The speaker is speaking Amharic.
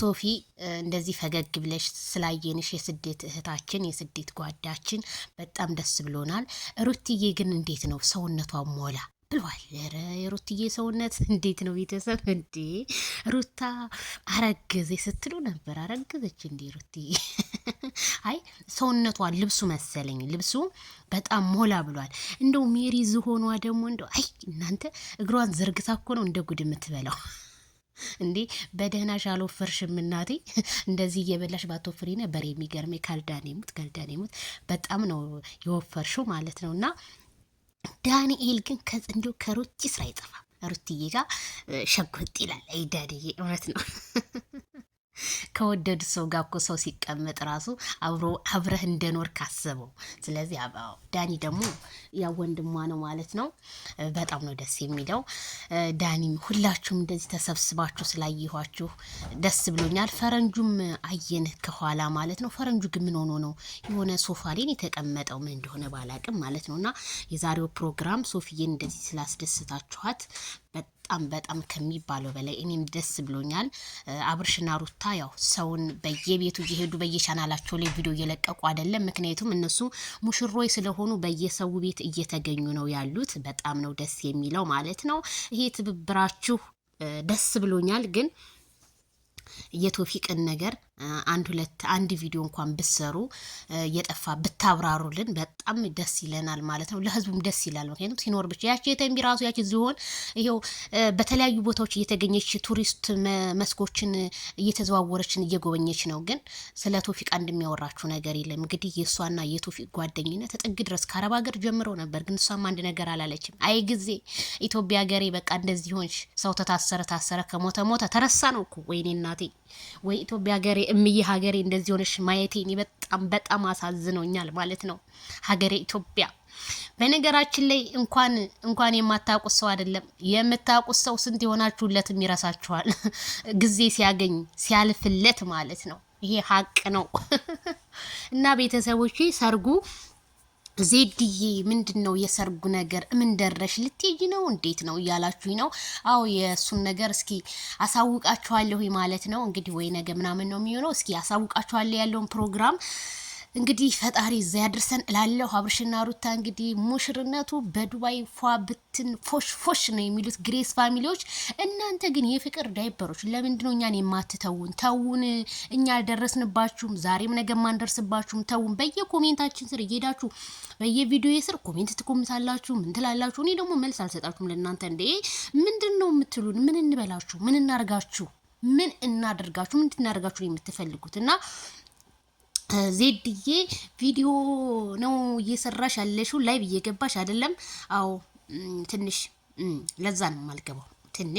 ሶፊ እንደዚህ ፈገግ ብለሽ ስላየንሽ የስደት እህታችን የስደት ጓዳችን በጣም ደስ ብሎናል። ሩትዬ ግን እንዴት ነው ሰውነቷ ሞላ ብሏል። ኧረ የሩትዬ ሰውነት እንዴት ነው ቤተሰብ? እንዴ ሩታ አረገዜ ስትሉ ነበር። አረገዘች እንዴ ሩትዬ? አይ ሰውነቷ ልብሱ መሰለኝ ልብሱ በጣም ሞላ ብሏል። እንደው ሜሪ ዝሆኗ ደግሞ እንደው አይ እናንተ እግሯን ዘርግታ እኮ ነው እንደ ጉድ የምትበላው። እንዴ በደህና ሻሎ ፍርሽ እናቴ እንደዚህ እየበላሽ ባትወፍሪ ነበር የሚገርም ካልዳኔ ሙት ካልዳኔ ሙት በጣም ነው የወፈርሹ ማለት ነው። እና ዳንኤል ግን እንዲሁ ከሩቲ ስራ አይጠፋም። ሩቲዬ ጋር ሸጎጥ ይላል። አይ እውነት ነው። ከወደዱ ሰው ጋር እኮ ሰው ሲቀመጥ ራሱ አብሮ አብረህ እንደኖር ካሰበው። ስለዚህ ዳኒ ደግሞ ያ ወንድሟ ነው ማለት ነው። በጣም ነው ደስ የሚለው። ዳኒም ሁላችሁም እንደዚህ ተሰብስባችሁ ስላየኋችሁ ደስ ብሎኛል። ፈረንጁም አየንህ ከኋላ ማለት ነው። ፈረንጁ ግን ምን ሆኖ ነው የሆነ ሶፋ ላይ የተቀመጠው ምን እንደሆነ ባላቅም ማለት ነው። እና የዛሬው ፕሮግራም ሶፊዬን እንደዚህ ስላስደስታችኋት በጣም በጣም ከሚባለው በላይ እኔም ደስ ብሎኛል። አብርሽና ሩታ ያው ሰውን በየቤቱ እየሄዱ በየቻናላቸው ላይ ቪዲዮ እየለቀቁ አይደለም። ምክንያቱም እነሱ ሙሽሮይ ስለሆኑ በየሰው ቤት እየተገኙ ነው ያሉት። በጣም ነው ደስ የሚለው ማለት ነው። ይሄ ትብብራችሁ ደስ ብሎኛል ግን የቶፊቅን ነገር አንድ ሁለት አንድ ቪዲዮ እንኳን ብትሰሩ እየጠፋ ብታብራሩልን በጣም ደስ ይለናል ማለት ነው። ለህዝቡም ደስ ይላል። ምክንያቱም ሲኖር ብቻ ያቺ የተንቢ ራሱ ያቺ ዝሆን ይኸው በተለያዩ ቦታዎች እየተገኘች ቱሪስት መስኮችን እየተዘዋወረችን እየጎበኘች ነው። ግን ስለ ቶፊቅ አንድ የሚያወራችሁ ነገር የለም። እንግዲህ የእሷና የቶፊቅ ጓደኝነት ጥግ ድረስ ከአረብ ሀገር ጀምሮ ነበር። ግን እሷም አንድ ነገር አላለችም። አይ ጊዜ ኢትዮጵያ ሀገሬ በቃ እንደዚህ ሆንሽ፣ ሰው ተታሰረ ታሰረ፣ ከሞተ ሞተ ተረሳ ነው እኮ ወይኔ እናቴ ወይ ኢትዮጵያ ሀገሬ እምዬ ሀገሬ እንደዚህ ሆነሽ ማየቴ እኔ በጣም በጣም አሳዝኖኛል ማለት ነው። ሀገሬ ኢትዮጵያ በነገራችን ላይ እንኳን እንኳን የማታውቁት ሰው አይደለም የምታውቁት ሰው ስንት የሆናችሁለትም ይረሳችኋል፣ ጊዜ ሲያገኝ ሲያልፍለት ማለት ነው። ይሄ ሀቅ ነው እና ቤተሰቦች ሰርጉ ዜድዬ ምንድን ነው የሰርጉ ነገር? ምን ደረሽ? ልትሄጂ ነው? እንዴት ነው እያላችሁኝ ነው። አዎ የእሱን ነገር እስኪ አሳውቃችኋለሁ ማለት ነው። እንግዲህ ወይ ነገ ምናምን ነው የሚሆነው። እስኪ አሳውቃችኋለሁ ያለውን ፕሮግራም እንግዲህ ፈጣሪ እዛ ያድርሰን እላለሁ። አብርሽና ሩታ እንግዲህ ሙሽርነቱ በዱባይ ፏ ብትን ፎሽ ፎሽ ነው የሚሉት ግሬስ ፋሚሊዎች። እናንተ ግን የፍቅር ዳይበሮች ለምንድነው እኛን የማትተውን? ተውን፣ እኛ አልደረስንባችሁም፣ ዛሬም ነገም አንደርስባችሁም። ተውን። በየኮሜንታችን ስር እየሄዳችሁ በየቪዲዮ ስር ኮሜንት ትኮምታላችሁ፣ ምን ትላላችሁ? እኔ ደግሞ መልስ አልሰጣችሁም ለእናንተ። እንዴ ምንድን ነው የምትሉን? ምን እንበላችሁ? ምን እናርጋችሁ? ምን እናደርጋችሁ? ምንድናደርጋችሁ የምትፈልጉት እና ዜድዬ ቪዲዮ ነው እየሰራሽ ያለሽው ላይቭ እየገባሽ አይደለም? አዎ ትንሽ ለዛ ነው የማልገባው ትንሽ